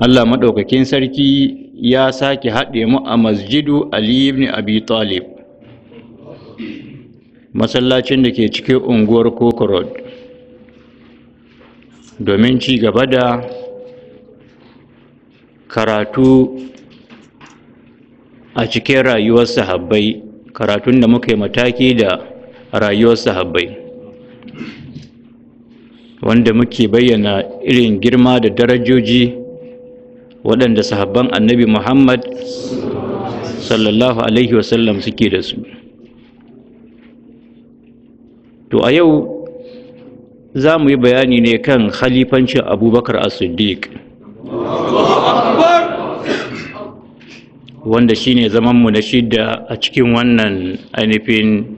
Allah maɗaukakin sarki ya sake haɗe mu a masjidu Ali ibn Abi Talib masallacin da ke cikin unguwar Kokorod domin ci gaba da karatu a cikin rayuwar sahabbai karatun da muka yi mataki da rayuwar sahabbai wanda muke bayyana irin girma da darajoji waɗanda sahabban annabi muhammad sallallahu alaihi wasallam suke da su to a yau za mu yi bayani ne kan khalifancin abubakar as-siddiq wanda shine zamanmu na shida a cikin wannan ainihin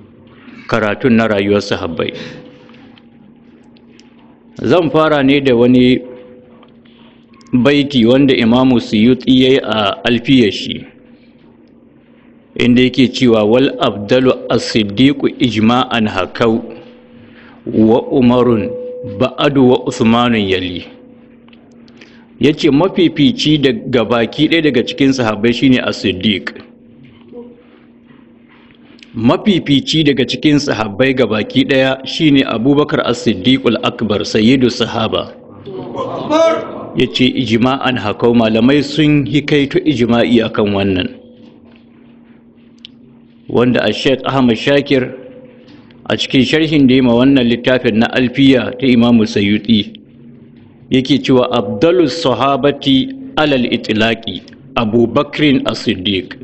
karatun na rayuwar sahabbai zan fara ne da wani baiti wanda imamu suyuti ya yi a alfiyashi inda yake cewa wal abdalu as ijma'an hakau wa umarun ba'adu wa usmanun yali Ya ce mafifici daga baki ɗaya daga cikin sahabai shine as mafifici daga cikin sahabbai ga baki ɗaya shine abubakar as akbar sayyidu sahaba ya ce ijima'an hakau malamai sun yi kaito ijima'i akan wannan wanda a sheikh ahmad shakir a cikin sharhin da ma wannan littafin na alfiya ta imamu sayuti yake cewa abdullus sahabati alal itilaki abubakrin as-siddiq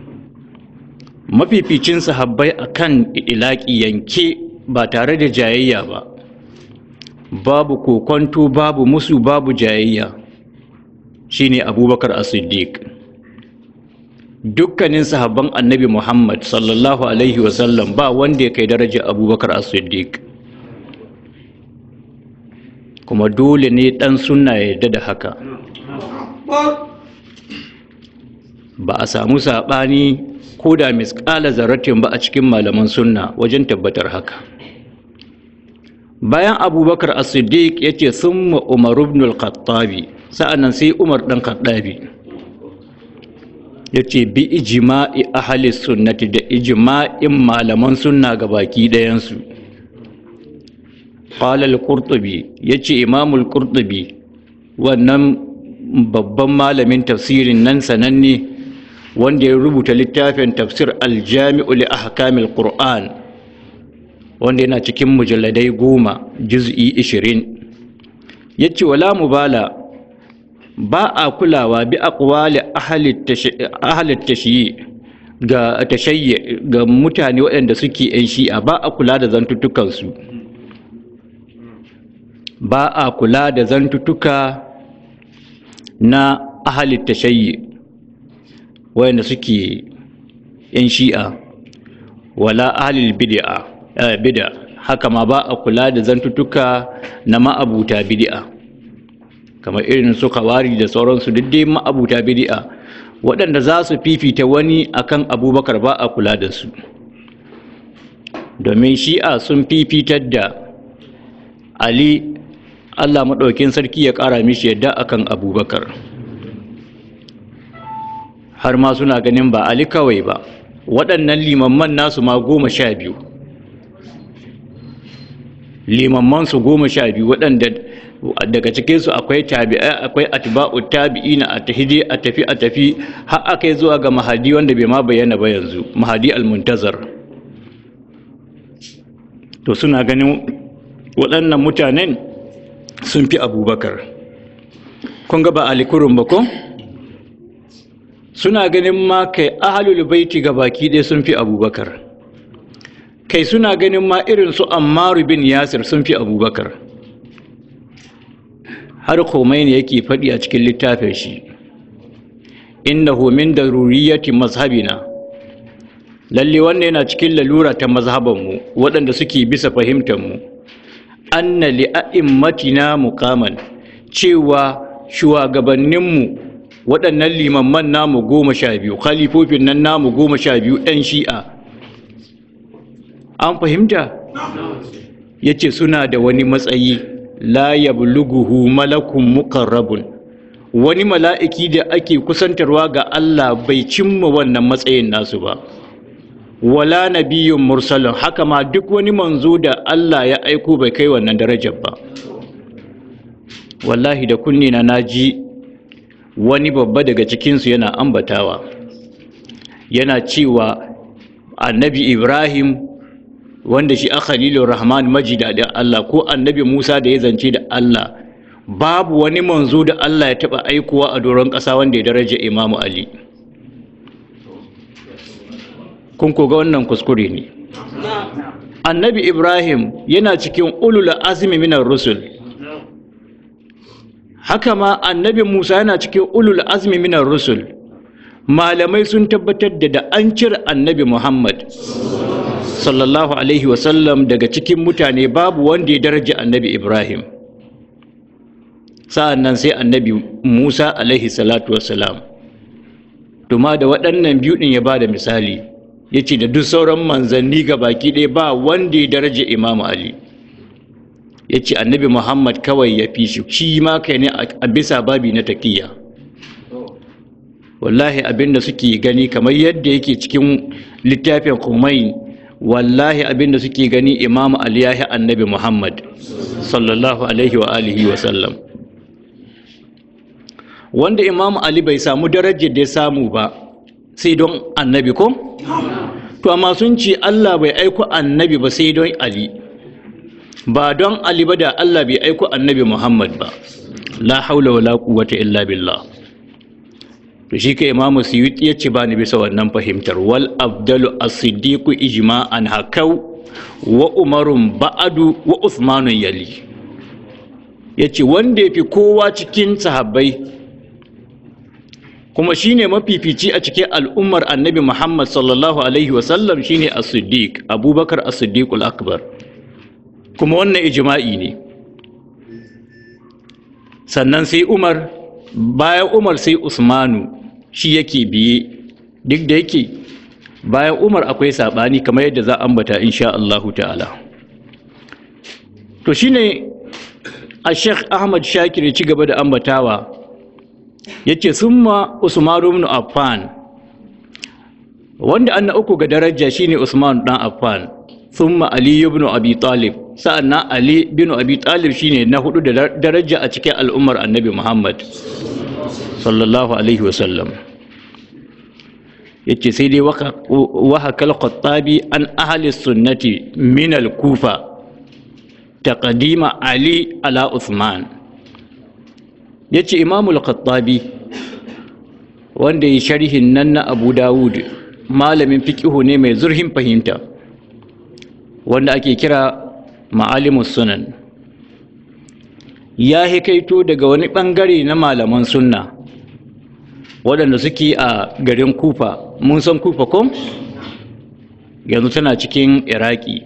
mafificin sahabbai akan itilaki yanke ba tare da jayayya ba babu kokonto babu musu babu jayayya shine abubakar as-siddiq dukkanin sahabban annabi muhammad sallallahu alaihi wasallam ba wanda ya kai daraja abubakar as-siddiq kuma dole ne dan sunna ya yarda da haka ba a samu saɓani ko da misƙala zarratin ba a cikin malaman sunna wajen tabbatar haka bayan abubakar as-siddiq yace sun umar ibn al-khattabi sa'an nan sai umar ɗan kaɗabi ya ce bi ijima'i a halis sunnati da ijima'in malaman sunna ga baki ɗayansu ƙalal kurtubi ya ce imamul kurtubi wannan babban malamin tafsirin nan sananne wanda ya rubuta littafin tafsir aljami'u li ahkamil ƙur'an wanda yana cikin mujalladai goma juz'i ishirin ya ce wala bala. ba a kulawa bi aqwali ahli tashyi ga tashayyi ga mutane waɗanda suke yan shi'a ba a kula da zantutukan ba a kula da zantutuka na ta tashayyi waɗanda suke yan shi'a wala ahalil bid'a eh, bid'a haka ma ba a kula da zantutuka na ma'abuta bid'a kamar irin su kawari da sauransu duk dai ma'abuta bid'a waɗanda za su fifita wani akan abubakar ba a kula da su domin shi'a sun fifitar da ali allah maɗaukin sarki ya ƙara mishi yadda akan abubakar har ma suna ganin ba ali kawai ba waɗannan limamman nasu ma goma sha biyu limamman su goma sha biyu waɗanda daga cikin su akwai tabi'a akwai atba'u tabi'ina a tahidi a tafi a tafi har akai zuwa ga mahadi wanda bai ma bayyana ba yanzu mahadi al-muntazar to suna ganin waɗannan mutanen sun fi abubakar kun ga ba alikurun ba ko suna ganin ma kai ahalul baiti ga baki ɗaya sun fi abubakar kai suna ganin ma irin su ammaru bin yasir sun fi abubakar har Khomeini yake faɗi a cikin littafin shi innahu min daruriyati mazhabina lalle wanda yana cikin lalura ta mazhabanmu waɗanda suke bisa fahimtarmu anna li'a'immatina muqaman cewa shugabanninmu waɗannan limamman namu goma sha biyu khalifofin nan namu goma sha biyu ɗan shi'a an fahimta ya ce suna da wani matsayi la yabluguhu malakun muqarrabun wani mala'iki da ake kusantarwa ga Allah bai cimma wannan matsayin nasu ba wala nabiyyun mursalun haka ma duk wani manzo da Allah ya aiko bai kai wannan darajar ba wallahi da kunni na naji wani babba daga cikinsu yana ambatawa yana cewa annabi Ibrahim wanda shi a khalilur rahman majida da Allah ko annabi Musa da ya zance da Allah babu wani manzo da Allah ya taɓa aikowa a doron ƙasa wanda ya daraja Imam Ali kun ko ga wannan kuskure ne annabi Ibrahim yana cikin ulul azmi minar rusul haka ma annabi Musa yana cikin ulul azmi minar rusul malamai sun tabbatar da an cire annabi Muhammad sallallahu alaihi wasallam daga cikin mutane babu wanda ya daraja annabi ibrahim sa'an nan sai annabi musa alaihi salatu wasalam tuma da waɗannan biyu ɗin ya ba da misali ya ce da duk sauran manzanni ga baki ɗaya ba wanda ya daraja Imam ali ya ce annabi muhammad kawai ya fi shi shi ma kai ne a bisa babi na taƙiyya wallahi abin da suke gani kamar yadda yake cikin littafin kumain wallahi abin da suke gani imamu ali yahi annabi muhammad sallallahu alaihi wa alihi wa sallam wanda imamu ali bai samu darajar da ya samu ba sai don annabi ko to amma sun ce allah bai aiko annabi ba sai don ali ba don ali ba da allah bai aiko annabi muhammad ba la haula wala quwwata illa billah to shi ka imamu ya ci bani bisa wannan fahimtar wal abdalu as Ijima. ijma'an hakau wa umarun ba'adu wa usmanun yali yace wanda yafi kowa cikin sahabbai kuma shine mafifici a cikin al'ummar annabi Muhammad sallallahu alaihi wa sallam shine as-siddiq abubakar as-siddiq al-akbar kuma wannan ijma'i ne sannan sai umar bayan umar sai usmanu shi yake biye duk da yake bayan umar akwai saɓani kamar yadda za ambata insha Allahu ta'ala to shine a sheikh ahmad shakir ya ci gaba da ambatawa ya ce summa usman ibn affan wanda an uku ga daraja shine usman dan affan summa ali ibn abi talib sa'annan ali ibn abi talib shine na hudu da daraja a cikin al'ummar annabi muhammad sallallahu alaihi wasallam yace sai dai waha kalqattabi an ahli sunnati min al-kufa taqdima ali ala uthman yace imamu al-qattabi wanda ya sharhin nan na abu dawud malamin fiqihu ne mai zurhin fahimta wanda ake kira ma'alimus sunan ya hikaito daga wani bangare na malaman sunna waɗanda suke a garin kufa mun san kufa ko yanzu tana cikin iraki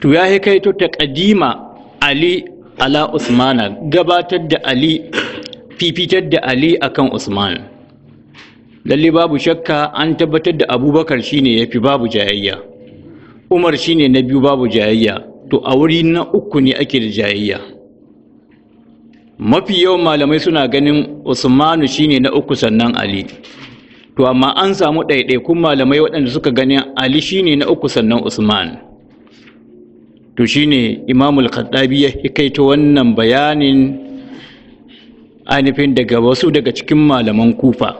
to ya hikaito ta Kadima ali ala usmana gabatar da ali fifitar da ali akan usman lalle babu shakka an tabbatar da abubakar shine ya fi babu jayayya umar shine na biyu babu jayayya to a wuri na uku ne ake da jayayya mafi yawan malamai suna ganin usmanu shine na uku sannan ali to amma an samu ɗaiɗaikun malamai waɗanda suka ganin ali shine na uku sannan usman to shine imamul qaddabi ya hikaito wannan bayanin ainihin daga wasu daga cikin malaman kufa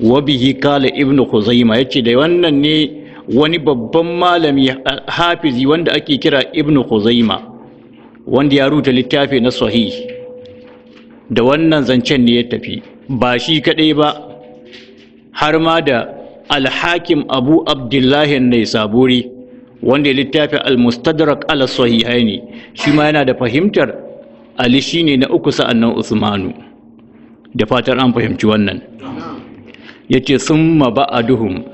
wabihi kala ibn khuzaima yace da wannan ne wani babban malami hafizi wanda ake kira ibn khuzaima wanda ya rubuta littafi na sahih da wannan zancen ne ya tafi ba shi kaɗai ba har ma da alhakim abu abdullahi ne saburi wanda ya littafi almustadrak ala sahihaini shi ma yana da fahimtar ali shi ne na uku sa'annan usmanu da fatar an fahimci wannan Ya ce sun yace a duhun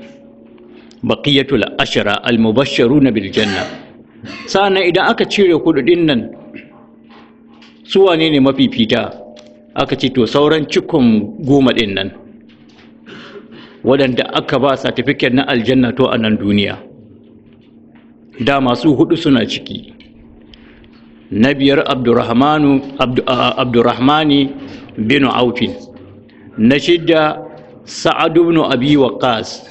baqiyatul ashara almubashsharuna na Biljanna. sa'annan idan aka cire kududin nan su wane ne mafifita aka ce to sauran cikon goma ɗin nan waɗanda aka ba satifiket na aljanna to a nan duniya da masu hudu suna ciki na biyar abdurrahmani bin aufin na shidda sa'adu bin abi waqas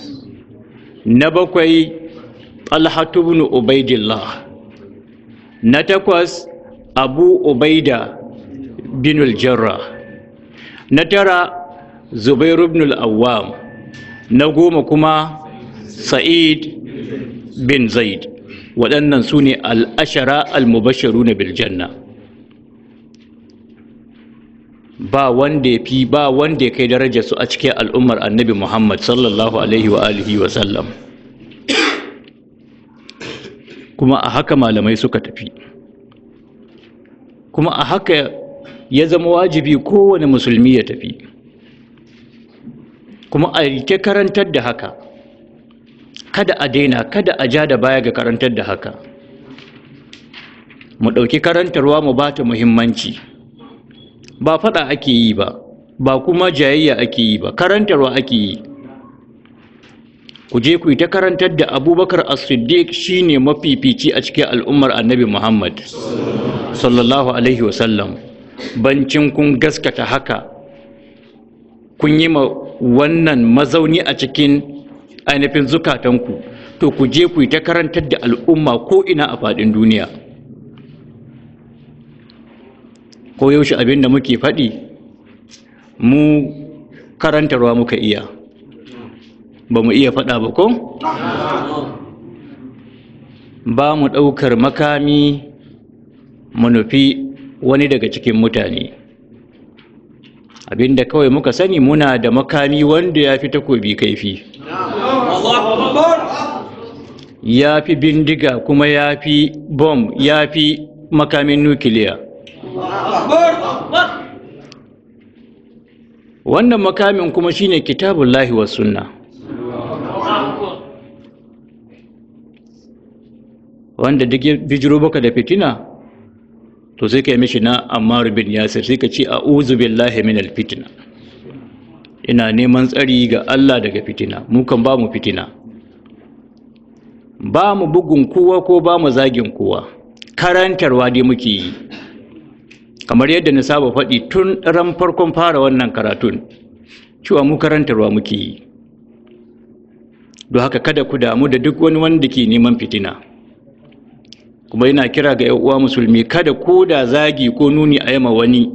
na bakwai talhatu bin ubaidillah na takwas abu ubaida bin al-jarra na tara Zubairu bin al-awwam na goma kuma sa'id bin zaid waɗannan su ne al'ashara al-mubasharu na biljanna ba wanda ya fi ba wanda ya kai daraja su a cikin al'ummar annabi muhammad sallallahu alaihi wa alihi wa sallam kuma a haka malamai suka tafi kuma a haka ya zama wajibi kowane musulmi ya tafi kuma a rike karantar da haka kada a daina kada a ja da baya ga karantar da haka mu ɗauki karantarwa mu ba ta muhimmanci ba faɗa ake yi ba ba kuma jayayya ake yi ba karantarwa ake yi ku je ku yi ta karantar da abubakar as-siddiq shine mafifici a cikin al'ummar annabi muhammad sallallahu alaihi wasallam bancin kun gaskata haka kun yi ma wannan mazauni a cikin ainihin zukatanku to ku je ku yi ta karantar da al'umma ko ina a faɗin duniya ko yaushe abin da muke faɗi mu karantarwa muka iya ba mu iya faɗa ba ko? ba mu ɗaukar makami mu nufi wani daga cikin mutane abinda kawai muka sani muna da makami wanda ya fi takobi kaifi ya fi bindiga kuma ya fi bom ya fi makamin nukiliya wannan makamin kuma shine kitabun lahi wa sunna wanda duk bijiro baka da fitina to sai ka yi mishi na ammar bin yasir sai ka ce uzu, billahi minal fitina. ina neman tsari ga Allah daga fitina mu kan ba mu fitina ba mu bugun kowa ko ba mu zagin kowa karantarwa dai muke yi kamar yadda na saba faɗi tun ran farkon fara wannan karatun cewa mu karantarwa muke yi don haka kada ku damu da duk wani wanda ke neman fitina kuma yana kira ga uwa musulmi kada ko da zagi ko nuni a yama wani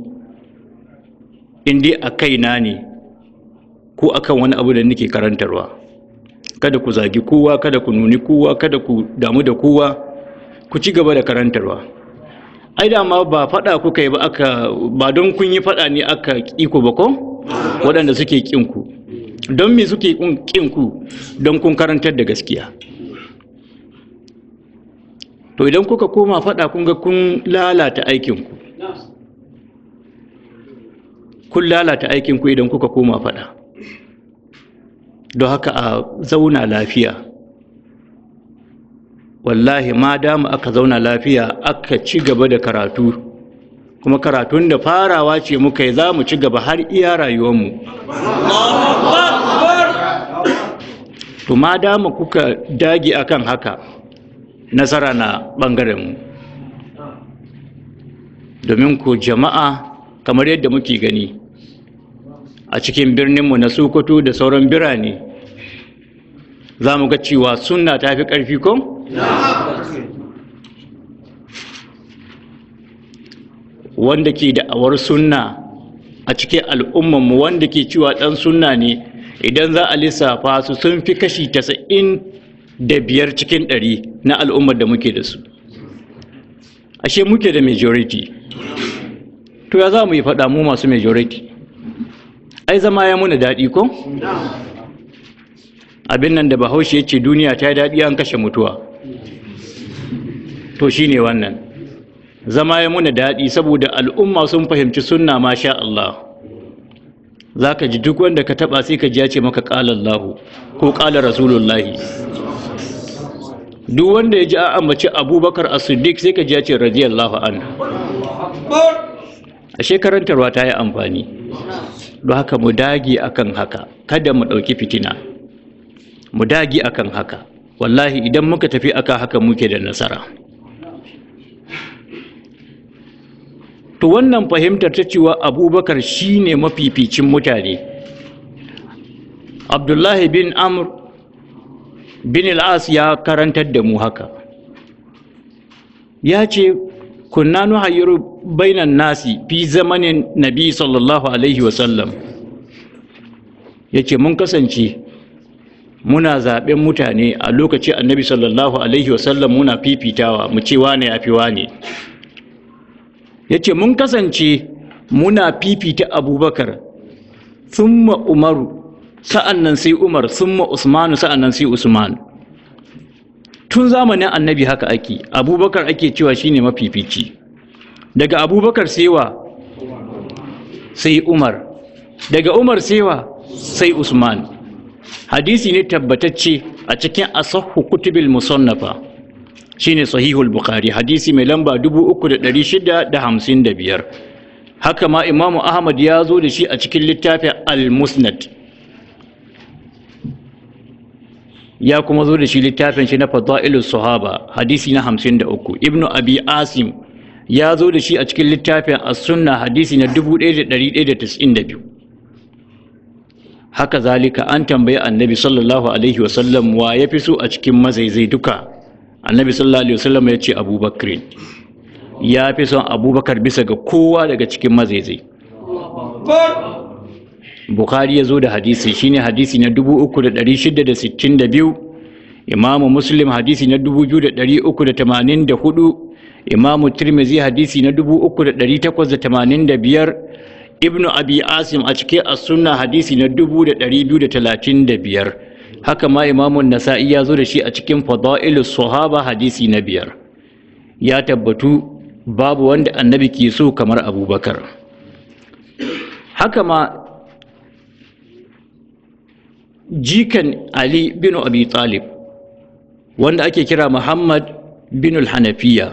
inda a a kaina ne ko akan wani abu da nake karantarwa kada ku zagi kowa kada ku nuni kowa kada ku damu da kowa ku ci gaba da karantarwa ai dama ba faɗa kuka yi ba aka ba don kun yi faɗa ne aka iko ba ko waɗanda suke ku, don me suke ƙinku don kun karantar da gaskiya to idan kuka koma faɗa kun ga kun lalata aikinku kun lalata aikinku idan kuka koma faɗa don haka a zauna lafiya wallahi ma dama aka zauna lafiya aka ci gaba da karatu kuma karatun da farawa ce muka yi za mu ci gaba har iya rayuwanmu. to ma dama kuka dage akan haka nasara na ɓangaren mu domin ku jama'a kamar yadda muke gani a cikin birninmu na sokoto da sauran birane za mu ga cewa sunna ta fi ƙarfi ko? wanda ke da'awar sunna a cikin al'ummanmu wanda ke cewa ɗan sunna ne idan za a lissafa su sun fi kashi tasa'in da biyar cikin ɗari na al'ummar da muke da su ashe muke da majority to ya za mu yi faɗa mu masu majority ai zama ya muna daɗi ko? abin nan da bahaushe ya ce duniya ta yi daɗi an kashe mutuwa to shi ne wannan zama ya muna daɗi saboda al'umma sun fahimci sunna masha Allah zaka ji duk wanda ka taba sai ka ji ya ce maka qala lahu ko qala Rasulullahi duk wanda ya ji a ambaci Abubakar As-Siddiq sai ka ji ya ce radiyallahu anhu a shekarantarwa ta yi amfani don haka mu dagi akan haka kada mu ɗauki fitina mu dagi akan haka wallahi idan muka tafi aka haka muke da nasara to wannan fahimtar ta cewa abubakar shi ne mafificin mutane abdullahi bin Amur bin al'as ya karantar da mu haka ya ce kunna nuhayyar bainan nasi fi zamanin nabi sallallahu alaihi wasallam ya ce mun kasance muna zaɓen mutane a lokaci annabi sallallahu alaihi wasallam muna fifitawa mu ce wane ya fi wane ya ce mun kasance muna fifita abubakar sun ma umaru sa'annan sai umar sun ma usmanu sa'annan sai usmanu tun zamanin annabi haka ake abubakar ake cewa shine mafifici daga abubakar saiwa sai umar daga umar saiwa sai usman hadisi ne tabbatacce a cikin asahu kutubil musonnafa shine sahihul bukhari hadisi mai lamba 3655 haka ma imamu ahmad ya zo da shi a cikin littafin al-musnad ya kuma zo da shi littafin shi na fadailu sahaba hadisi na 53 ibnu abi asim ya zo da shi a cikin littafin as-sunna hadisi na 1192 haka zalika an tambayi annabi sallallahu alaihi wasallam wa ya fi so a cikin mazaizai duka annabi sallallahu alaihi wasallam ya ce abubakar ya fi son abubakar bisa ga kowa daga cikin mazaizai bukari ya zo da hadisi shine hadisi na 3662 imamu muslim hadisi na 2384 imamu tirmizi hadisi na 3885 ibnu abi asim a cikin as-sunna hadisi na 2235 haka ma imamun nasa'i ya zo da shi a cikin fadailu sahaba hadisi na biyar ya tabbatu babu wanda annabi ke so kamar abubakar haka ma jikan ali bin abi talib wanda ake kira muhammad bin hanafiya